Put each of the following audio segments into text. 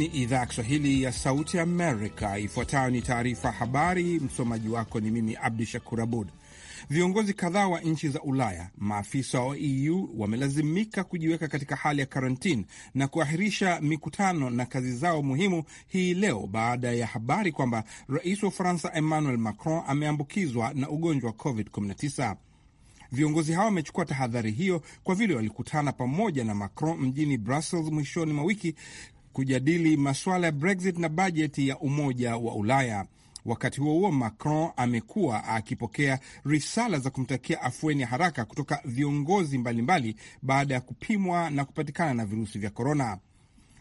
ni idhaa ya Kiswahili ya Sauti Amerika. Ifuatayo ni taarifa habari. Msomaji wako ni mimi Abdu Shakur Abud. Viongozi kadhaa wa nchi za Ulaya, maafisa wa EU wamelazimika kujiweka katika hali ya karantini na kuahirisha mikutano na kazi zao muhimu hii leo baada ya habari kwamba rais wa Ufaransa Emmanuel Macron ameambukizwa na ugonjwa wa COVID-19. Viongozi hao wamechukua tahadhari hiyo kwa vile walikutana pamoja na Macron mjini Brussels mwishoni mwa wiki kujadili masuala ya Brexit na bajeti ya Umoja wa Ulaya. Wakati huo huo, Macron amekuwa akipokea risala za kumtakia afueni haraka kutoka viongozi mbalimbali baada ya kupimwa na kupatikana na virusi vya korona.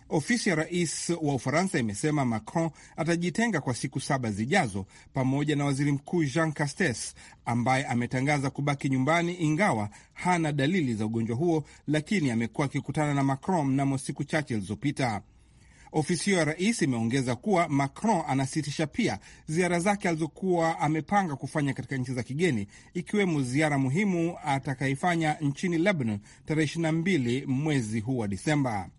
Ofisi ya rais wa Ufaransa imesema Macron atajitenga kwa siku saba zijazo pamoja na waziri mkuu Jean Castex ambaye ametangaza kubaki nyumbani ingawa hana dalili za ugonjwa huo, lakini amekuwa akikutana na Macron mnamo siku chache zilizopita. Ofisi hiyo ya rais imeongeza kuwa Macron anasitisha pia ziara zake alizokuwa amepanga kufanya katika nchi za kigeni, ikiwemo ziara muhimu atakayefanya nchini Lebanon tarehe 22 mwezi huu wa Disemba.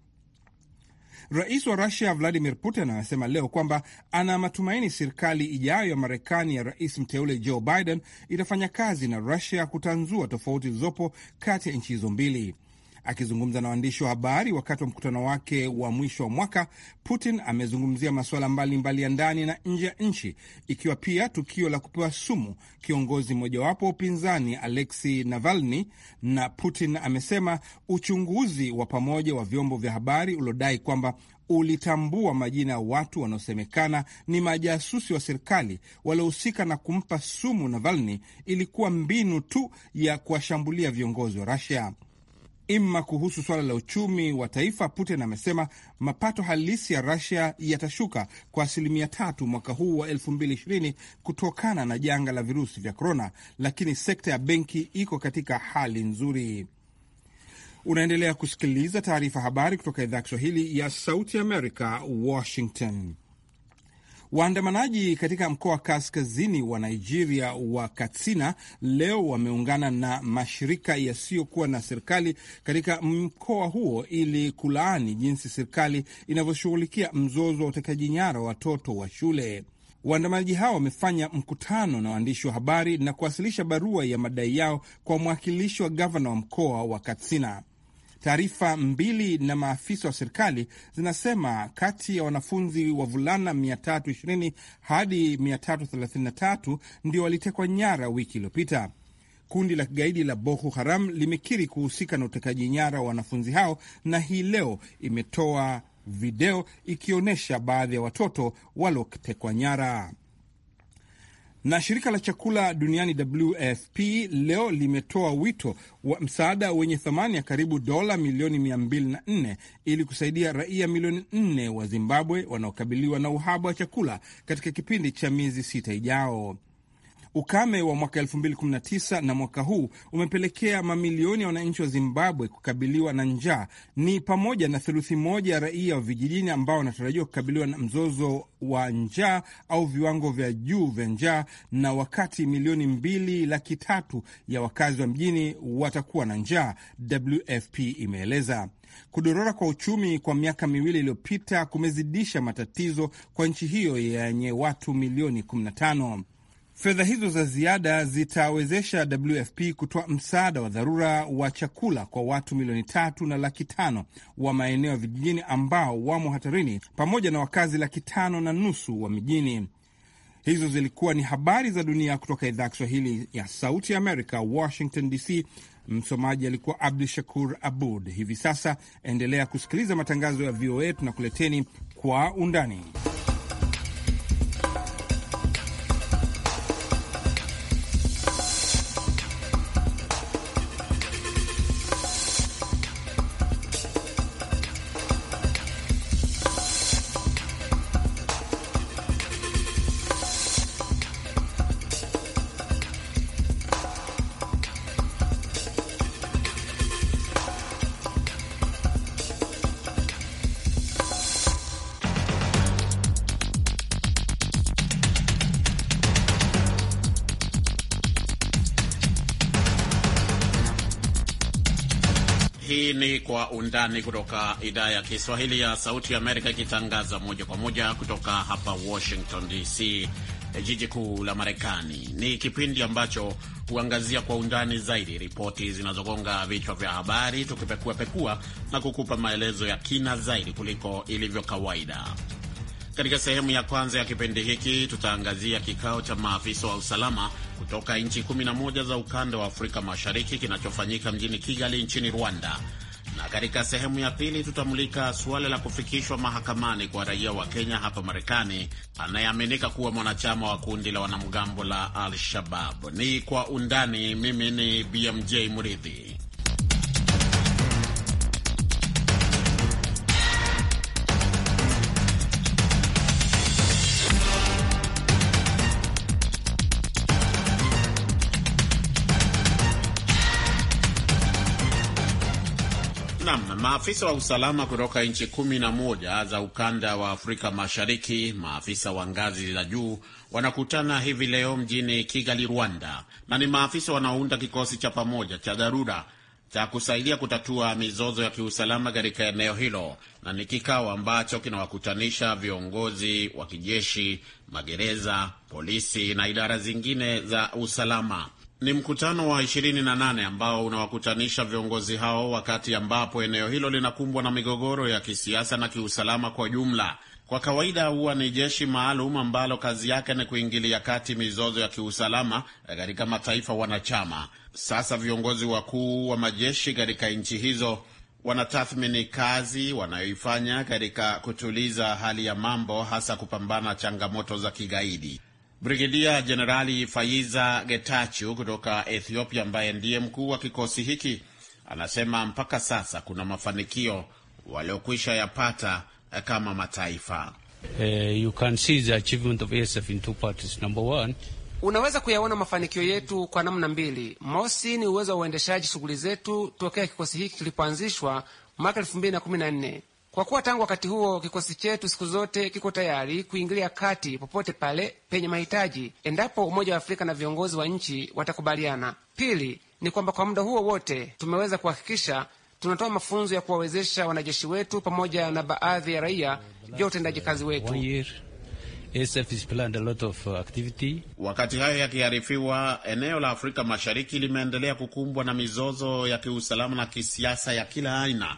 Rais wa Rusia Vladimir Putin amesema leo kwamba ana matumaini serikali ijayo ya Marekani ya rais mteule Joe Biden itafanya kazi na Rusia kutanzua tofauti zilizopo kati ya nchi hizo mbili. Akizungumza na waandishi wa habari wakati wa mkutano wake wa mwisho wa mwaka, Putin amezungumzia masuala mbalimbali ya ndani na nje ya nchi, ikiwa pia tukio la kupewa sumu kiongozi mmojawapo wa upinzani Alexei Navalny. Na Putin amesema uchunguzi wa pamoja wa vyombo vya habari uliodai kwamba ulitambua majina ya watu wanaosemekana ni majasusi wa serikali waliohusika na kumpa sumu Navalny ilikuwa mbinu tu ya kuwashambulia viongozi wa rasia Ima kuhusu suala la uchumi wa taifa, Putin amesema mapato halisi ya Rusia yatashuka kwa asilimia tatu mwaka huu wa 2020 kutokana na janga la virusi vya korona, lakini sekta ya benki iko katika hali nzuri. Unaendelea kusikiliza taarifa habari kutoka idhaa ya Kiswahili ya Sauti Amerika, Washington. Waandamanaji katika mkoa wa kaskazini wa Nigeria wa Katsina leo wameungana na mashirika yasiyokuwa na serikali katika mkoa huo ili kulaani jinsi serikali inavyoshughulikia mzozo wa utekaji nyara watoto wa shule. Waandamanaji hao wamefanya mkutano na waandishi wa habari na kuwasilisha barua ya madai yao kwa mwakilishi wa gavana wa mkoa wa Katsina. Taarifa mbili na maafisa wa serikali zinasema kati ya wanafunzi wavulana 320 hadi 333 ndio walitekwa nyara wiki iliyopita. Kundi la kigaidi la Boko Haram limekiri kuhusika na utekaji nyara wa wanafunzi hao na hii leo imetoa video ikionyesha baadhi ya watoto waliotekwa nyara. Na shirika la chakula duniani WFP leo limetoa wito wa msaada wenye thamani ya karibu dola milioni 204 ili kusaidia raia milioni 4 wa Zimbabwe wanaokabiliwa na uhaba wa chakula katika kipindi cha miezi sita ijao. Ukame wa mwaka 2019 na mwaka huu umepelekea mamilioni ya wananchi wa Zimbabwe kukabiliwa na njaa, ni pamoja na theluthi moja ya raia wa vijijini ambao wanatarajiwa kukabiliwa na mzozo wa njaa au viwango vya juu vya njaa, na wakati milioni mbili laki tatu ya wakazi wa mjini watakuwa na njaa, WFP imeeleza. Kudorora kwa uchumi kwa miaka miwili iliyopita kumezidisha matatizo kwa nchi hiyo yenye watu milioni 15. Fedha hizo za ziada zitawezesha WFP kutoa msaada wa dharura wa chakula kwa watu milioni tatu na laki tano wa maeneo ya vijijini ambao wamo hatarini pamoja na wakazi laki tano na nusu wa mijini. Hizo zilikuwa ni habari za dunia kutoka idhaa ya Kiswahili ya Sauti Amerika, Washington DC. Msomaji alikuwa Abdu Shakur Abud. Hivi sasa endelea kusikiliza matangazo ya VOA, tunakuleteni kwa undani Kwa Undani kutoka idhaa ya Kiswahili ya Sauti Amerika, ikitangaza moja kwa moja kutoka hapa Washington DC, jiji kuu la Marekani. Ni kipindi ambacho huangazia kwa undani zaidi ripoti zinazogonga vichwa vya habari, tukipekuapekua na kukupa maelezo ya kina zaidi kuliko ilivyo kawaida. Katika sehemu ya kwanza ya kipindi hiki tutaangazia kikao cha maafisa wa usalama kutoka nchi 11 za ukanda wa Afrika Mashariki kinachofanyika mjini Kigali nchini Rwanda, na katika sehemu ya pili tutamulika suala la kufikishwa mahakamani kwa raia wa Kenya hapa Marekani anayeaminika kuwa mwanachama wa kundi la wanamgambo la Al-Shabab. Ni kwa undani. Mimi ni BMJ Muridhi. Maafisa wa usalama kutoka nchi kumi na moja za ukanda wa Afrika Mashariki, maafisa wa ngazi za juu wanakutana hivi leo mjini Kigali, Rwanda, na ni maafisa wanaounda kikosi cha pamoja cha dharura cha kusaidia kutatua mizozo ya kiusalama katika eneo hilo, na ni kikao ambacho kinawakutanisha viongozi wa kijeshi, magereza, polisi na idara zingine za usalama. Ni mkutano wa 28 ambao unawakutanisha viongozi hao wakati ambapo eneo hilo linakumbwa na migogoro ya kisiasa na kiusalama kwa jumla. Kwa kawaida huwa ni jeshi maalum ambalo kazi yake ni kuingilia kati mizozo ya kiusalama katika mataifa wanachama. Sasa viongozi wakuu wa majeshi katika nchi hizo wanatathmini kazi wanayoifanya katika kutuliza hali ya mambo, hasa kupambana changamoto za kigaidi. Brigedia Jenerali Faiza getachu kutoka Ethiopia, ambaye ndiye mkuu wa kikosi hiki, anasema mpaka sasa kuna mafanikio waliokwisha yapata kama mataifa. Eh, unaweza kuyaona mafanikio yetu kwa namna mbili. Mosi ni uwezo wa uendeshaji shughuli zetu tokea kikosi hiki kilipoanzishwa mwaka elfu mbili na kumi na nne kwa kuwa tangu wakati huo kikosi chetu siku zote kiko tayari kuingilia kati popote pale penye mahitaji, endapo Umoja wa Afrika na viongozi wa nchi watakubaliana. Pili ni kwamba kwa muda huo wote tumeweza kuhakikisha tunatoa mafunzo ya kuwawezesha wanajeshi wetu pamoja na baadhi ya raia vya utendaji kazi wetu. Uh, wakati hayo yakiharifiwa, eneo la Afrika Mashariki limeendelea kukumbwa na mizozo ya kiusalama na kisiasa ya kila aina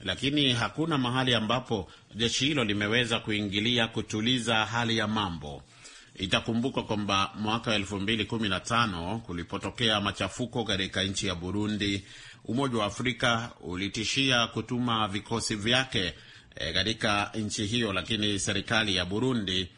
lakini hakuna mahali ambapo jeshi hilo limeweza kuingilia kutuliza hali ya mambo. Itakumbukwa kwamba mwaka 2015 kulipotokea machafuko katika nchi ya Burundi, Umoja wa Afrika ulitishia kutuma vikosi vyake e, katika e, nchi hiyo, lakini serikali ya Burundi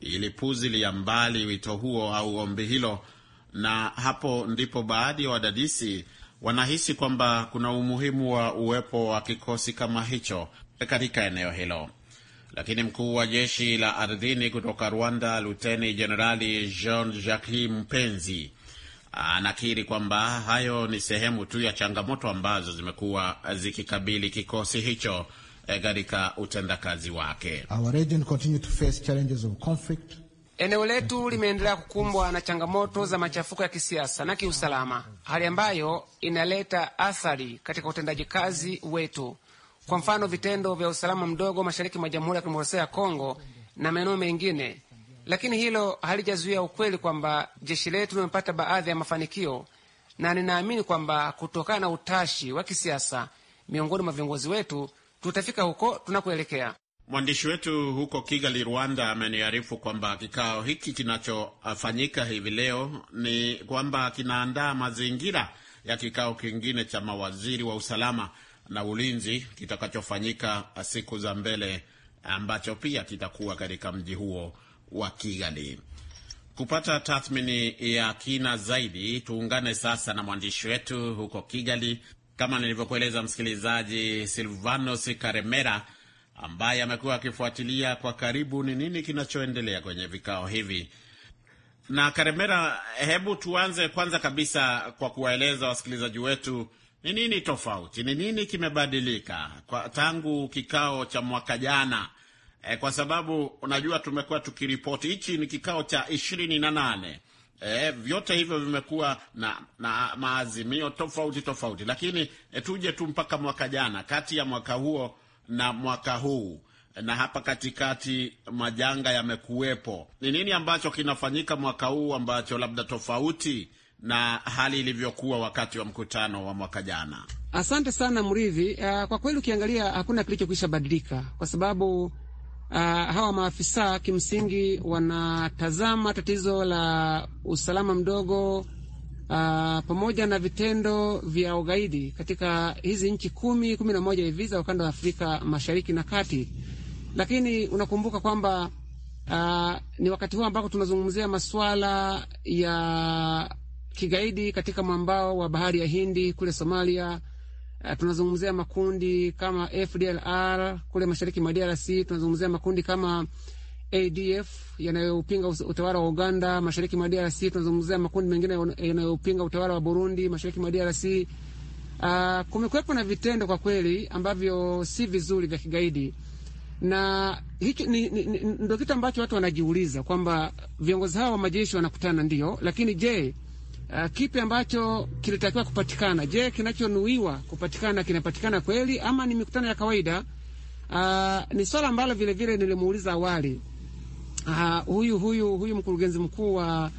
ilipuzilia mbali wito huo au ombi hilo, na hapo ndipo baadhi ya wadadisi wanahisi kwamba kuna umuhimu wa uwepo wa kikosi kama hicho katika eneo hilo. Lakini mkuu wa jeshi la ardhini kutoka Rwanda, Luteni Jenerali Jean Jacques Mpenzi anakiri kwamba hayo ni sehemu tu ya changamoto ambazo zimekuwa zikikabili kikosi hicho eh, katika utendakazi wake. Our region continue to face challenges of conflict Eneo letu limeendelea kukumbwa na changamoto za machafuko ya kisiasa na kiusalama, hali ambayo inaleta athari katika utendaji kazi wetu. Kwa mfano, vitendo vya usalama mdogo mashariki mwa Jamhuri ya Kidemokrasia ya Kongo na maeneo mengine, lakini hilo halijazuia ukweli kwamba jeshi letu limepata baadhi ya mafanikio, na ninaamini kwamba kutokana na utashi wa kisiasa miongoni mwa viongozi wetu tutafika huko tunakoelekea. Mwandishi wetu huko Kigali, Rwanda, ameniarifu kwamba kikao hiki kinachofanyika hivi leo ni kwamba kinaandaa mazingira ya kikao kingine cha mawaziri wa usalama na ulinzi kitakachofanyika siku za mbele, ambacho pia kitakuwa katika mji huo wa Kigali. Kupata tathmini ya kina zaidi, tuungane sasa na mwandishi wetu huko Kigali, kama nilivyokueleza msikilizaji, Silvanos Karemera ambaye amekuwa akifuatilia kwa karibu ni nini kinachoendelea kwenye vikao hivi. Na Karemera, hebu tuanze kwanza kabisa kwa kuwaeleza wasikilizaji wetu ni nini tofauti, ni nini kimebadilika kwa tangu kikao cha mwaka jana e, kwa sababu unajua tumekuwa tukiripoti, hichi ni kikao cha ishirini na nane. E, vyote hivyo vimekuwa na, na maazimio tofauti tofauti, lakini e, tuje tu mpaka mwaka jana. Kati ya mwaka huo na mwaka huu na hapa katikati majanga yamekuwepo. Ni nini ambacho kinafanyika mwaka huu ambacho labda tofauti na hali ilivyokuwa wakati wa mkutano wa mwaka jana? Asante sana mrivi Uh, ah, kwa kweli ukiangalia hakuna kilichokwisha badilika kwa sababu uh, hawa maafisa kimsingi wanatazama tatizo la usalama mdogo Uh, pamoja na vitendo vya ugaidi katika hizi nchi kumi kumi na moja hivi za ukanda wa Afrika Mashariki na Kati, lakini unakumbuka kwamba uh, ni wakati huu ambako tunazungumzia masuala ya kigaidi katika mwambao wa bahari ya Hindi kule Somalia. Uh, tunazungumzia makundi kama FDLR kule mashariki mwa DRC, tunazungumzia makundi kama ADF yanayopinga utawala wa Uganda mashariki mwa DRC. Tunazungumzia makundi mengine yanayopinga utawala wa Burundi mashariki mwa DRC. Uh, ah, kumekuwepo na vitendo kwa kweli ambavyo si vizuri vya kigaidi, na hicho ndio kitu ambacho watu wanajiuliza kwamba viongozi hao wa majeshi wanakutana ndio, lakini je, uh, kipi ambacho kilitakiwa kupatikana? Je, kinachonuiwa kupatikana kinapatikana kweli ama ni mikutano ya kawaida? Uh, ni swala ambalo vilevile nilimuuliza awali uh, huyu huyu huyu mkurugenzi mkuu wa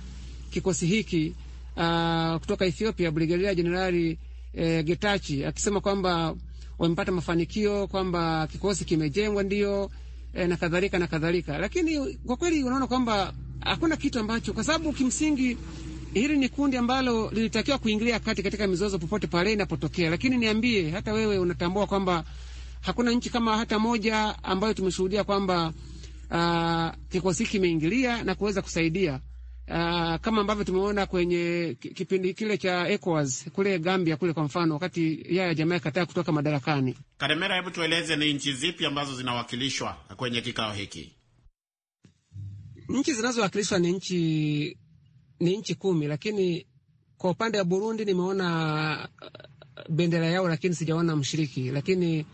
kikosi hiki uh, kutoka Ethiopia Brigedia Jenerali eh, Getachi akisema kwamba wamepata mafanikio kwamba kikosi kimejengwa ndio eh, na kadhalika na kadhalika, lakini kwa kweli unaona kwamba hakuna kitu ambacho, kwa sababu kimsingi hili ni kundi ambalo lilitakiwa kuingilia kati katika mizozo popote pale inapotokea. Lakini niambie, hata wewe unatambua kwamba hakuna nchi kama hata moja ambayo tumeshuhudia kwamba uh, kikosi hiki kimeingilia na kuweza kusaidia uh, kama ambavyo tumeona kwenye kipindi kile cha ECOWAS kule Gambia kule kwa mfano, wakati Yahya jamaa kataa kutoka madarakani. Karemera, hebu tueleze ni nchi zipi ambazo zinawakilishwa kwenye kikao hiki? Nchi zinazowakilishwa ni nchi ni nchi kumi, lakini kwa upande wa Burundi nimeona ah, bendera yao, lakini sijaona mshiriki. Lakini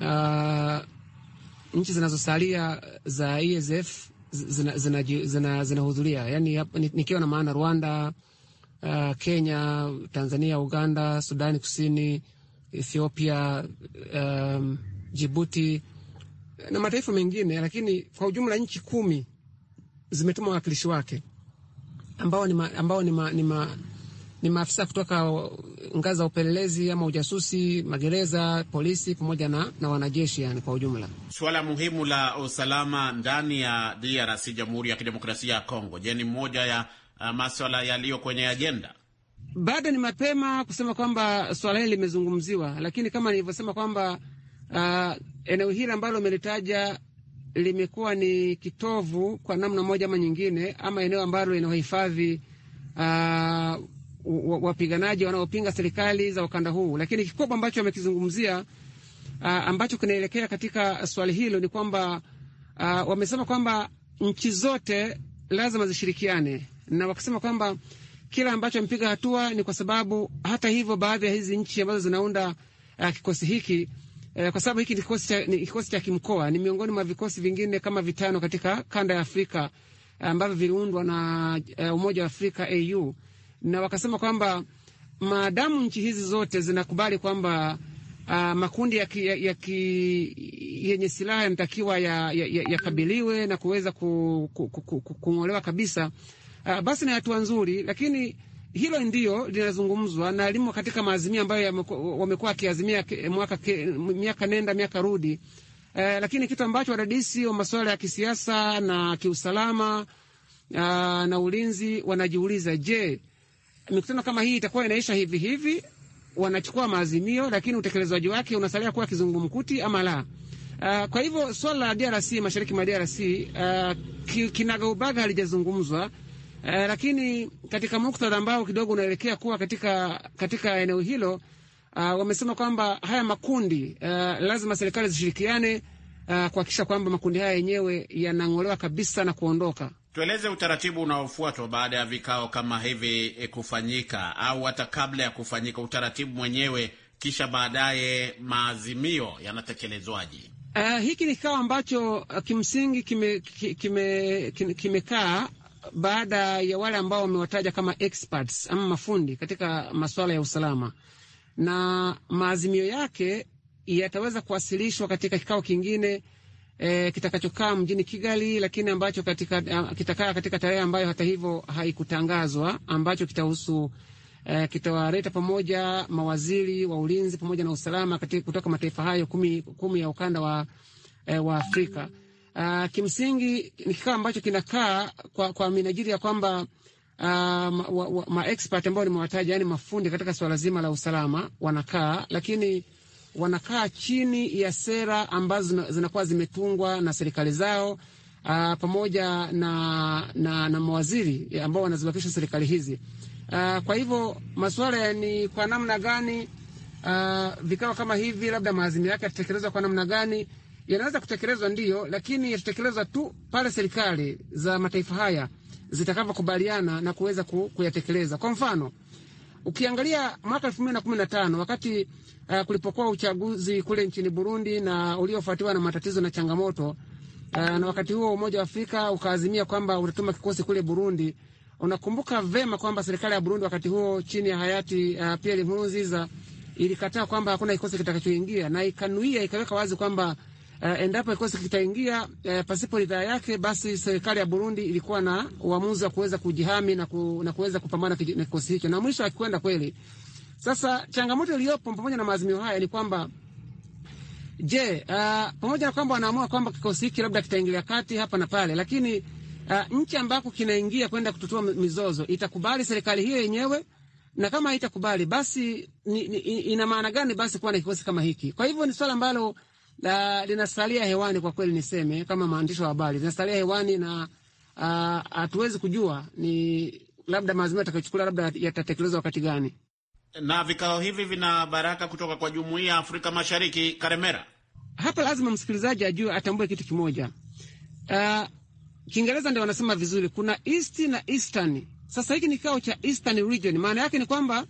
uh, nchi zinazosalia za ESF zinahudhuria zina, zina, zina yani, nikiwa na maana Rwanda, uh, Kenya, Tanzania, Uganda, Sudani Kusini, Ethiopia, um, Jibuti na mataifa mengine, lakini kwa ujumla nchi kumi zimetuma wawakilishi wake ambao ni ma, ambao ni ma, ni ma, ni maafisa kutoka ngazi za upelelezi ama ujasusi, magereza, polisi pamoja na, na wanajeshi yani kwa ujumla. Suala muhimu la usalama ndani ya DRC, Jamhuri ya Kidemokrasia ya Kongo, je, ni moja ya uh, maswala yaliyo kwenye ajenda? Bado ni mapema kusema kwamba swala hili limezungumziwa, lakini kama nilivyosema kwamba uh, eneo hili ambalo umelitaja limekuwa ni kitovu kwa namna moja ama nyingine, ama eneo ambalo linahifadhi uh, wapiganaji wanaopinga serikali za ukanda huu, lakini kikubwa ambacho wamekizungumzia uh, ambacho kinaelekea katika swali hilo ni kwamba uh, wamesema kwamba nchi zote lazima zishirikiane, na wakasema kwamba kila ambacho amepiga hatua ni kwa sababu, hata hivyo, baadhi ya hizi nchi ambazo zinaunda uh, kikosi hiki uh, kwa sababu hiki ni kikosi cha kimkoa, ni miongoni mwa vikosi vingine kama vitano katika kanda ya Afrika ambavyo viliundwa na uh, Umoja wa Afrika au na wakasema kwamba maadamu nchi hizi zote zinakubali kwamba uh, makundi ya ki, ya, ya ki, yenye silaha yanatakiwa yakabiliwe ya, ya, ya na kuweza ku, ku, ku, ku, kung'olewa kabisa uh, basi ni hatua nzuri, lakini hilo ndio linazungumzwa na limo katika maazimio ambayo wamekuwa wakiazimia miaka nenda miaka rudi. uh, lakini kitu ambacho wadadisi wa masuala ya kisiasa na kiusalama, uh, na ulinzi wanajiuliza, je, mikutano kama hii itakuwa inaisha hivi hivi, wanachukua maazimio, lakini utekelezaji wake unasalia kuwa kizungumkuti ama la. Uh, kwa hivyo swala la DRC, mashariki mwa DRC uh, ah, ki, kinagaubaga halijazungumzwa. Uh, lakini katika muktadha ambao kidogo unaelekea kuwa katika, katika eneo hilo uh, wamesema kwamba haya makundi uh, lazima serikali zishirikiane uh, kuhakikisha kwamba makundi haya yenyewe yanang'olewa kabisa na kuondoka Tueleze utaratibu unaofuatwa baada ya vikao kama hivi eh, kufanyika au hata kabla ya kufanyika, utaratibu mwenyewe, kisha baadaye maazimio yanatekelezwaje? Uh, hiki ni kikao ambacho uh, kimsingi kimekaa kime, kime, kime baada ya wale ambao wamewataja kama experts ama mafundi katika masuala ya usalama, na maazimio yake yataweza kuwasilishwa katika kikao kingine e, kitakachokaa mjini Kigali, lakini ambacho katika, kitakaa katika tarehe ambayo hata hivyo haikutangazwa, ambacho kitahusu e, kitawaleta pamoja mawaziri wa ulinzi pamoja na usalama katika, kutoka mataifa hayo kumi, kumi ya ukanda wa, e, wa Afrika. Uh, kimsingi ni kikao ambacho kinakaa kwa, kwa minajili ya kwamba uh, ma, ma ambao nimewataja, yani mafundi katika swala zima la usalama wanakaa, lakini wanakaa chini ya sera ambazo zinakuwa zimetungwa na serikali zao uh, pamoja na, na, na mawaziri ambao wanaziwakilisha serikali hizi. uh, kwa hivyo masuala ni kwa namna gani uh, vikao kama hivi labda maazimio yake yatatekelezwa kwa namna gani? Yanaweza kutekelezwa ndiyo, lakini yatatekelezwa tu pale serikali za mataifa haya zitakavyokubaliana na kuweza kuyatekeleza. Kwa mfano Ukiangalia mwaka elfu mbili na kumi na tano wakati uh, kulipokuwa uchaguzi kule nchini Burundi na uliofuatiwa na matatizo na changamoto uh, na wakati huo Umoja wa Afrika ukaazimia kwamba utatuma kikosi kule Burundi. Unakumbuka vema kwamba serikali ya Burundi wakati huo chini ya hayati uh, Pierre Nkurunziza ilikataa kwamba hakuna kikosi kitakachoingia na ikanuia, ikaweka wazi kwamba Uh, endapo kikosi kitaingia uh, eh, pasipo ridhaa yake, basi serikali ya Burundi ilikuwa na uamuzi wa kuweza kujihami na, ku, na kuweza kupambana na kikosi hicho, na mwisho akikwenda kweli. Sasa changamoto iliyopo pamoja na maazimio haya ni kwamba je, uh, pamoja na kwamba wanaamua kwamba kikosi hiki labda kitaingilia kati hapa na pale, lakini uh, nchi ambako kinaingia kwenda kututua mizozo itakubali serikali hiyo yenyewe na kama haitakubali basi ni, ni, ina maana gani basi kuwa na kikosi kama hiki? Kwa hivyo ni swala ambalo la, linasalia hewani kwa kweli, niseme kama maandishi wa habari linasalia hewani na hatuwezi kujua ni labda maazimio yatakayochukuliwa labda yatatekelezwa wakati gani. Na vikao hivi vina baraka kutoka kwa jumuiya ya Afrika Mashariki. Karemera, hapa lazima msikilizaji ajue, atambue kitu kimoja. Uh, Kiingereza ndio wanasema vizuri, kuna east na eastern. Sasa hiki ni kikao cha eastern region, maana yake ni kwamba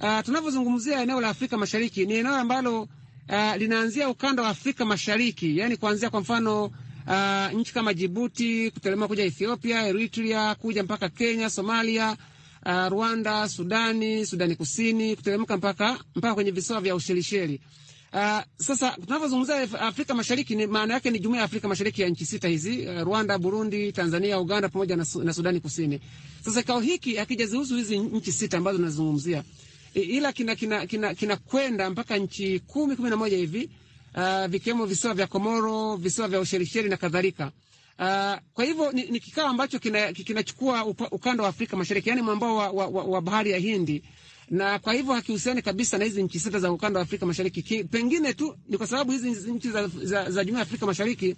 uh, tunavyozungumzia eneo la Afrika Mashariki ni eneo ambalo uh, linaanzia ukanda wa Afrika Mashariki, yani kuanzia kwa mfano uh, nchi kama Jibuti kuteremka kuja Ethiopia, Eritrea kuja mpaka Kenya, Somalia, uh, Rwanda, Sudani, Sudani Kusini kuteremka mpaka mpaka kwenye visiwa vya Ushelisheli. Uh, sasa tunavyozungumzia Afrika Mashariki ni maana yake ni jumuiya ya Afrika Mashariki ya nchi sita hizi, uh, Rwanda, Burundi, Tanzania, Uganda pamoja na, na Sudani Kusini. Sasa kikao hiki hakijazihusu hizi nchi sita ambazo tunazungumzia ila kinakwenda kina, kina, kina, kina mpaka nchi kumi kumi na moja hivi uh, vikiwemo visiwa vya Komoro, visiwa vya Ushelisheli na kadhalika. Uh, kwa hivyo ni, ni kikao ambacho kinachukua kina ukanda wa Afrika Mashariki, yani mwambao wa, wa, wa, wa bahari ya Hindi, na kwa hivyo hakihusiani kabisa na hizi nchi sita za ukanda wa Afrika Mashariki. Ki, pengine tu ni kwa sababu hizi nchi za, za, za Jumuiya ya Afrika Mashariki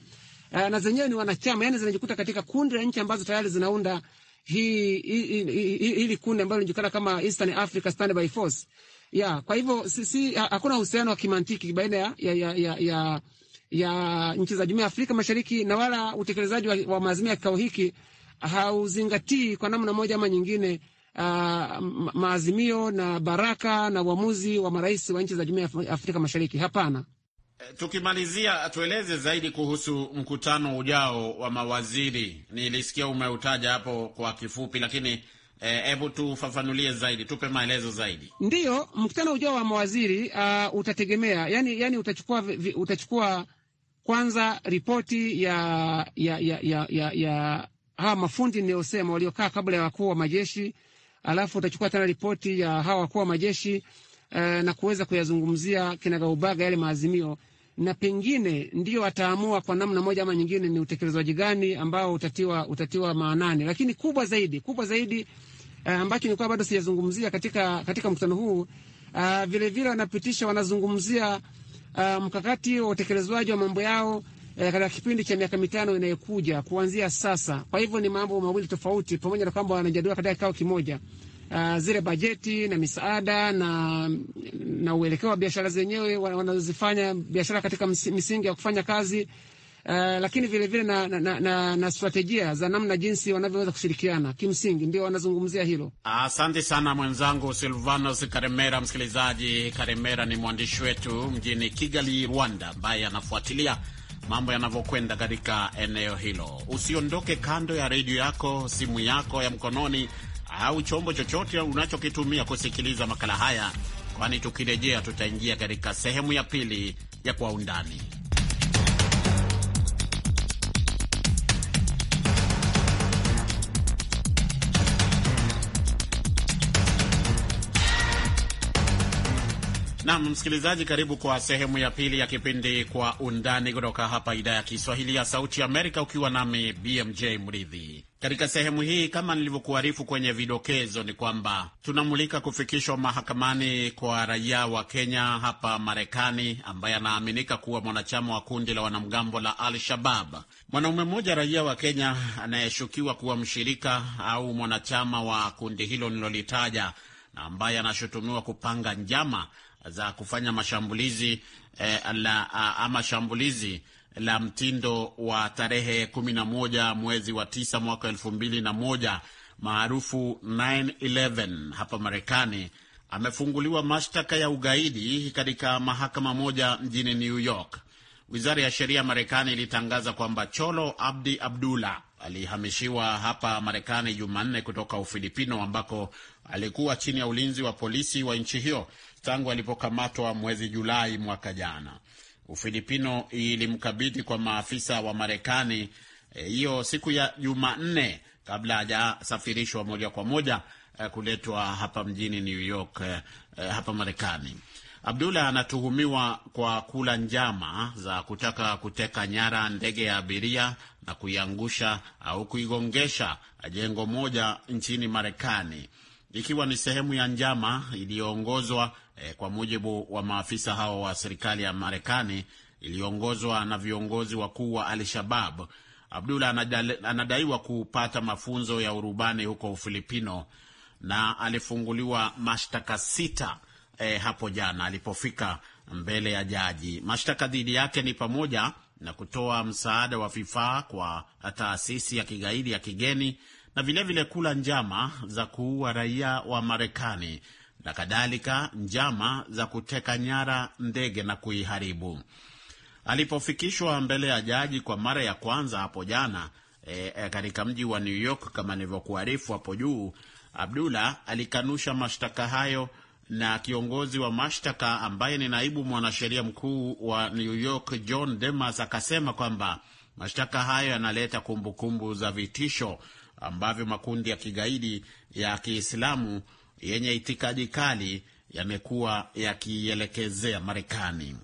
uh, na zenyewe ni wanachama, yani zinajikuta katika kundi la nchi ambazo tayari zinaunda hii hili kundi ambalo linajulikana kama Eastern Africa Standby Force ya. Kwa hivyo si, hakuna uhusiano wa kimantiki baina ya, ya, ya, ya, ya, ya nchi za Jumuiya ya Afrika Mashariki na wala utekelezaji wa, wa maazimio ya kikao hiki hauzingatii kwa namna moja ama nyingine Uh, maazimio na baraka na uamuzi wa marais wa nchi za Jumuiya ya Afrika Mashariki. Hapana. Tukimalizia, tueleze zaidi kuhusu mkutano ujao wa mawaziri. Nilisikia umeutaja hapo kwa kifupi, lakini eh, hebu e, tufafanulie zaidi, tupe maelezo zaidi. Ndiyo, mkutano ujao wa mawaziri uh, utategemea yani, yani utachukua, utachukua kwanza ripoti ya, ya, ya, ya, ya, ya hawa mafundi niliyosema waliokaa kabla ya wakuu wa majeshi, alafu utachukua tena ripoti ya hawa wakuu wa majeshi eh, na kuweza kuyazungumzia kinagaubaga yale maazimio na pengine ndio ataamua kwa namna moja ama nyingine ni utekelezwaji gani ambao utatiwa, utatiwa maanani. Lakini kubwa zaidi, kubwa zaidi eh, ambacho nilikuwa bado sijazungumzia katika, katika mkutano huu vilevile eh, vile wanapitisha wanazungumzia uh, mkakati wa utekelezwaji wa mambo yao uh, katika kipindi cha miaka mitano inayokuja kuanzia sasa. Kwa hivyo ni mambo mawili tofauti, pamoja na kwamba wanajadiliwa katika kikao kimoja. Uh, zile bajeti na misaada na na uelekeo wa biashara zenyewe, wanazifanya biashara katika misingi ya kufanya kazi Uh, lakini vilevile vile na, na, na, na, na strategia za namna jinsi wanavyoweza kushirikiana kimsingi, ndio wanazungumzia hilo. Asante sana mwenzangu Silvanos Karemera. Msikilizaji, Karemera ni mwandishi wetu mjini Kigali, Rwanda, ambaye anafuatilia mambo yanavyokwenda katika eneo hilo. Usiondoke kando ya redio yako, simu yako ya mkononi, au chombo chochote unachokitumia kusikiliza makala haya kwani tukirejea tutaingia katika sehemu ya pili ya Kwa Undani. Nam msikilizaji, karibu kwa sehemu ya pili ya kipindi Kwa Undani kutoka hapa idhaa ya Kiswahili ya Sauti ya Amerika, ukiwa nami BMJ Mridhi. Katika sehemu hii, kama nilivyokuarifu kwenye vidokezo, ni kwamba tunamulika kufikishwa mahakamani kwa raia wa Kenya hapa Marekani ambaye anaaminika kuwa mwanachama wa kundi la wanamgambo la Al Shabab. Mwanaume mmoja raia wa Kenya anayeshukiwa kuwa mshirika au mwanachama wa kundi hilo nilolitaja na ambaye anashutumiwa kupanga njama za kufanya mashambulizi eh, la, ama shambulizi la mtindo wa tarehe 11 mwezi wa 9 mwaka 2001 maarufu 911 hapa Marekani amefunguliwa mashtaka ya ugaidi katika mahakama moja mjini New York. Wizara ya sheria ya Marekani ilitangaza kwamba Cholo Abdi Abdullah alihamishiwa hapa Marekani Jumanne kutoka Ufilipino ambako alikuwa chini ya ulinzi wa polisi wa nchi hiyo tangu alipokamatwa mwezi Julai mwaka jana. Ufilipino ilimkabidhi kwa maafisa wa Marekani eh, hiyo e, siku ya Jumanne kabla hajasafirishwa moja kwa moja e, kuletwa hapa mjini New York e, hapa Marekani. Abdullah anatuhumiwa kwa kula njama za kutaka kuteka nyara ndege ya abiria na kuiangusha au kuigongesha jengo moja nchini Marekani ikiwa ni sehemu ya njama iliyoongozwa eh, kwa mujibu wa maafisa hao wa serikali ya Marekani iliyoongozwa na viongozi wakuu wa Al-Shabab. Abdullah anadaiwa kupata mafunzo ya urubani huko Ufilipino na alifunguliwa mashtaka sita eh, hapo jana alipofika mbele ya jaji. Mashtaka dhidi yake ni pamoja na kutoa msaada wa vifaa kwa taasisi ya kigaidi ya kigeni na vilevile kula njama za kuua raia wa Marekani na kadhalika, njama za kuteka nyara ndege na kuiharibu. Alipofikishwa mbele ya jaji kwa mara ya kwanza hapo jana e, e, katika mji wa New York kama nilivyokuarifu hapo juu, Abdullah alikanusha mashtaka hayo na kiongozi wa mashtaka ambaye ni naibu mwanasheria mkuu wa New York John Demas akasema kwamba mashtaka hayo yanaleta kumbukumbu za vitisho ambavyo makundi ya kigaidi ya Kiislamu yenye itikadi kali yamekuwa yakiielekezea Marekani.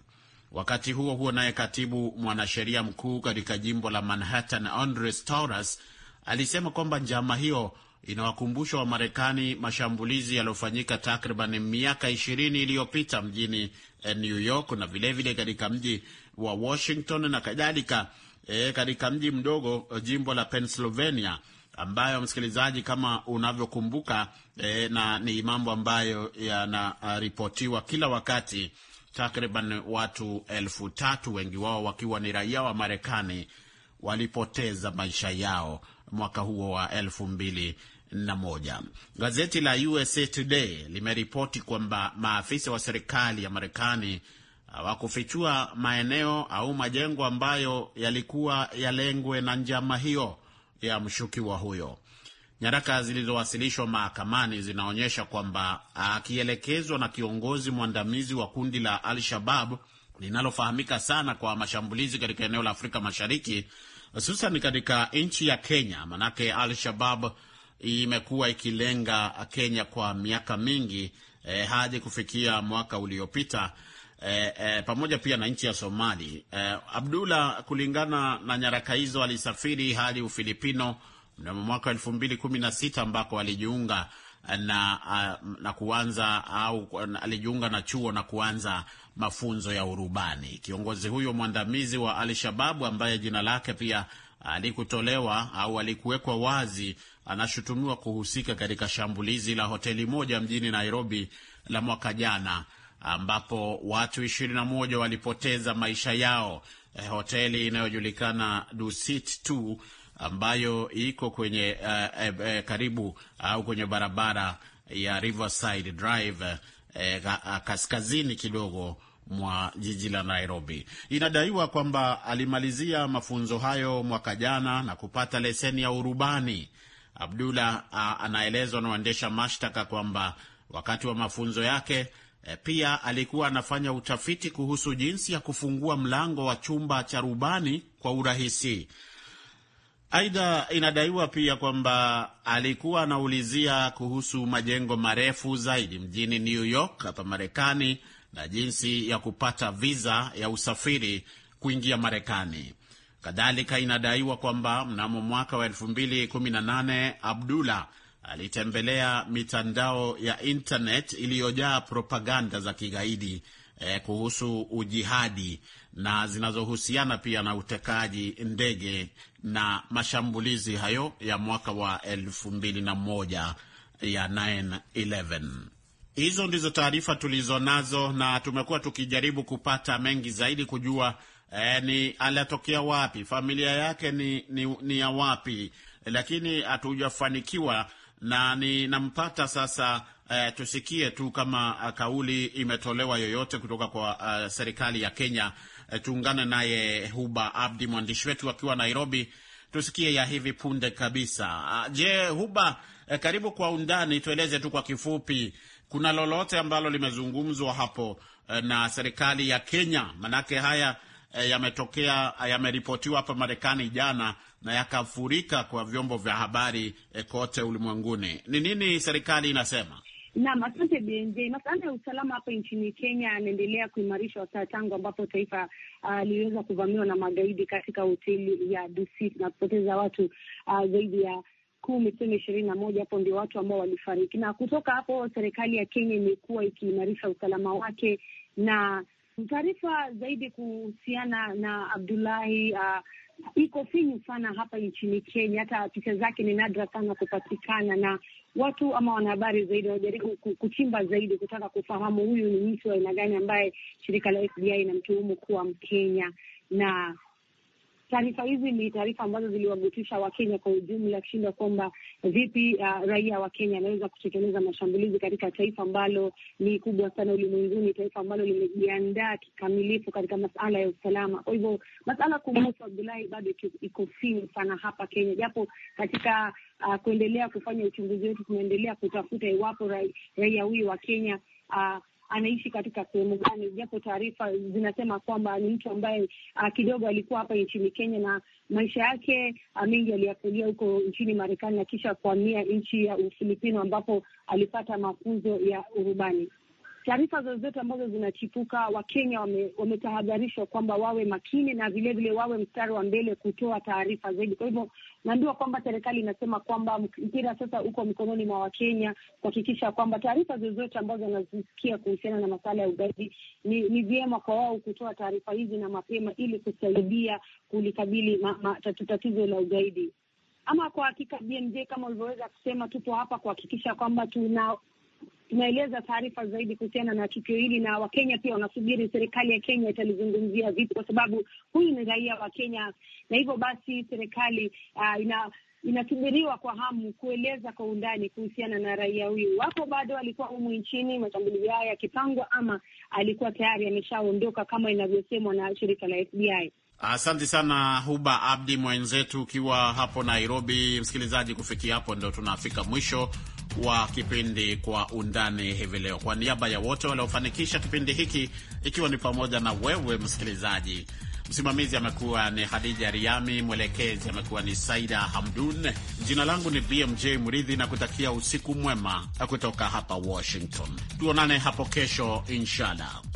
Wakati huo huo, naye katibu mwanasheria mkuu katika jimbo la Manhattan Andre Stauras alisema kwamba njama hiyo inawakumbusha Wamarekani mashambulizi yaliyofanyika takriban miaka ishirini iliyopita mjini eh, New York na vilevile katika mji wa Washington na kadhalika, e, katika mji mdogo eh, jimbo la Pennsylvania ambayo msikilizaji, kama unavyokumbuka e, na ni mambo ambayo yanaripotiwa kila wakati, takriban watu elfu tatu wengi wao wakiwa ni raia wa Marekani walipoteza maisha yao mwaka huo wa elfu mbili na moja. Gazeti la USA Today limeripoti kwamba maafisa wa serikali ya Marekani hawakufichua maeneo au majengo ambayo yalikuwa yalengwe na njama hiyo ya mshukiwa huyo. Nyaraka zilizowasilishwa mahakamani zinaonyesha kwamba akielekezwa na kiongozi mwandamizi wa kundi la Al-Shabab linalofahamika sana kwa mashambulizi katika eneo la Afrika Mashariki, hususan katika nchi ya Kenya. Manake Al-Shabab imekuwa ikilenga Kenya kwa miaka mingi eh, hadi kufikia mwaka uliopita eh, eh, pamoja pia na nchi ya Somali. Eh, Abdullah, kulingana na nyaraka hizo, alisafiri hadi Ufilipino mnamo mwaka elfu mbili kumi na sita ambako alijiunga na, eh, na kuanza au alijiunga na chuo na kuanza mafunzo ya urubani. Kiongozi huyo mwandamizi wa Al-Shababu ambaye jina lake pia alikutolewa au alikuwekwa wazi, anashutumiwa kuhusika katika shambulizi la hoteli moja mjini Nairobi la mwaka jana ambapo watu moja walipoteza maisha yao. Eh, hoteli inayojulikana Dusit 2 ambayo iko kwenye uh, e, karibu au uh, kwenye barabara ya Riverside Drive e, kaskazini kidogo mwa jiji la Nairobi. Inadaiwa kwamba alimalizia mafunzo hayo mwaka jana na kupata leseni ya urubani. Abdullah ah, anaelezwa na waendesha mashtaka kwamba wakati wa mafunzo yake E, pia alikuwa anafanya utafiti kuhusu jinsi ya kufungua mlango wa chumba cha rubani kwa urahisi. Aidha, inadaiwa pia kwamba alikuwa anaulizia kuhusu majengo marefu zaidi mjini New York hapa Marekani na jinsi ya kupata viza ya usafiri kuingia Marekani. Kadhalika, inadaiwa kwamba mnamo mwaka wa 2018 Abdullah alitembelea mitandao ya internet iliyojaa propaganda za kigaidi eh, kuhusu ujihadi na zinazohusiana pia na utekaji ndege na mashambulizi hayo ya mwaka wa elfu mbili na moja ya 9/11. Hizo ndizo taarifa tulizonazo na tumekuwa tukijaribu kupata mengi zaidi kujua eh, ni anatokea wapi, familia yake ni, ni, ni ya wapi, lakini hatujafanikiwa na ninampata sasa. Uh, tusikie tu kama uh, kauli imetolewa yoyote kutoka kwa uh, serikali ya Kenya. Uh, tuungane naye Huba Abdi, mwandishi wetu akiwa Nairobi, tusikie ya hivi punde kabisa. Uh, je, Huba, uh, karibu kwa undani, tueleze tu kwa kifupi, kuna lolote ambalo limezungumzwa hapo uh, na serikali ya Kenya? Manake haya uh, yametokea, uh, yameripotiwa hapa Marekani jana na yakafurika kwa vyombo vya habari eh, kote ulimwenguni. Ni nini serikali inasema? Naam, asante BNJ. Masuala ya usalama hapa nchini Kenya yanaendelea kuimarishwa saa tangu ambapo taifa uh, liliweza kuvamiwa na magaidi katika hoteli ya Dusit na kupoteza watu uh, zaidi ya kumi tuseme ishirini na moja. Hapo ndio watu ambao walifariki, na kutoka hapo serikali ya Kenya imekuwa ikiimarisha usalama wake. Na taarifa zaidi kuhusiana na Abdulahi uh, ah, iko finyu sana hapa nchini Kenya. Hata picha zake ni nadra sana kupatikana, na watu ama wanahabari zaidi wanajaribu kuchimba zaidi, kutaka kufahamu huyu ni mtu wa aina gani ambaye shirika la FBI inamtuhumu kuwa Mkenya na Taarifa hizi ni taarifa ambazo ziliwagutisha Wakenya kwa ujumla, kushinda kwamba vipi uh, raia wa Kenya anaweza kutekeleza mashambulizi katika taifa ambalo ni kubwa sana ulimwenguni, taifa ambalo limejiandaa kikamilifu katika masala ya usalama. Kwa hivyo masala kumuhusu Abdulahi bado iko finyu sana hapa Kenya, japo katika uh, kuendelea kufanya uchunguzi wetu tunaendelea kutafuta iwapo raia huyu wa Kenya uh, anaishi katika sehemu gani, japo taarifa zinasema kwamba ni mtu ambaye uh, kidogo alikuwa hapa nchini Kenya na maisha yake ah, mengi aliyakulia huko nchini Marekani na kisha kuhamia nchi ya Ufilipino ambapo alipata mafunzo ya urubani taarifa zozote ambazo zinachipuka, Wakenya wametahadharishwa wame kwamba wawe makini na vilevile wawe mstari wa mbele kutoa taarifa zaidi. Kwa hivyo naambiwa kwamba serikali inasema kwamba mpira sasa uko mikononi mwa Wakenya kuhakikisha kwamba taarifa zozote ambazo wanazisikia kuhusiana na masuala ya ugaidi ni, ni vyema kwa wao kutoa taarifa hizi na mapema ili kusaidia kulikabili tatizo la ugaidi. Ama kwa hakika, BMJ, kama ulivyoweza kusema, tupo hapa kuhakikisha kwamba tuna tunaeleza taarifa zaidi kuhusiana na tukio hili, na Wakenya pia wanasubiri serikali ya Kenya italizungumzia vipi, kwa sababu huyu ni raia wa Kenya, na hivyo basi serikali uh, ina inasubiriwa kwa hamu kueleza kwa undani kuhusiana na raia huyu, wapo bado alikuwa humu nchini mashambulizi haya yakipangwa, ama alikuwa tayari ameshaondoka kama inavyosemwa na shirika la FBI. Asante sana Huba Abdi mwenzetu, ukiwa hapo Nairobi. Msikilizaji, kufikia hapo ndo tunafika mwisho wa kipindi Kwa Undani hivi leo. Kwa niaba ya wote waliofanikisha kipindi hiki, ikiwa ni pamoja na wewe msikilizaji, msimamizi amekuwa ni hadija Riami, mwelekezi amekuwa ni Saida Hamdun, jina langu ni BMJ Mridhi na kutakia usiku mwema kutoka hapa Washington. Tuonane hapo kesho inshallah.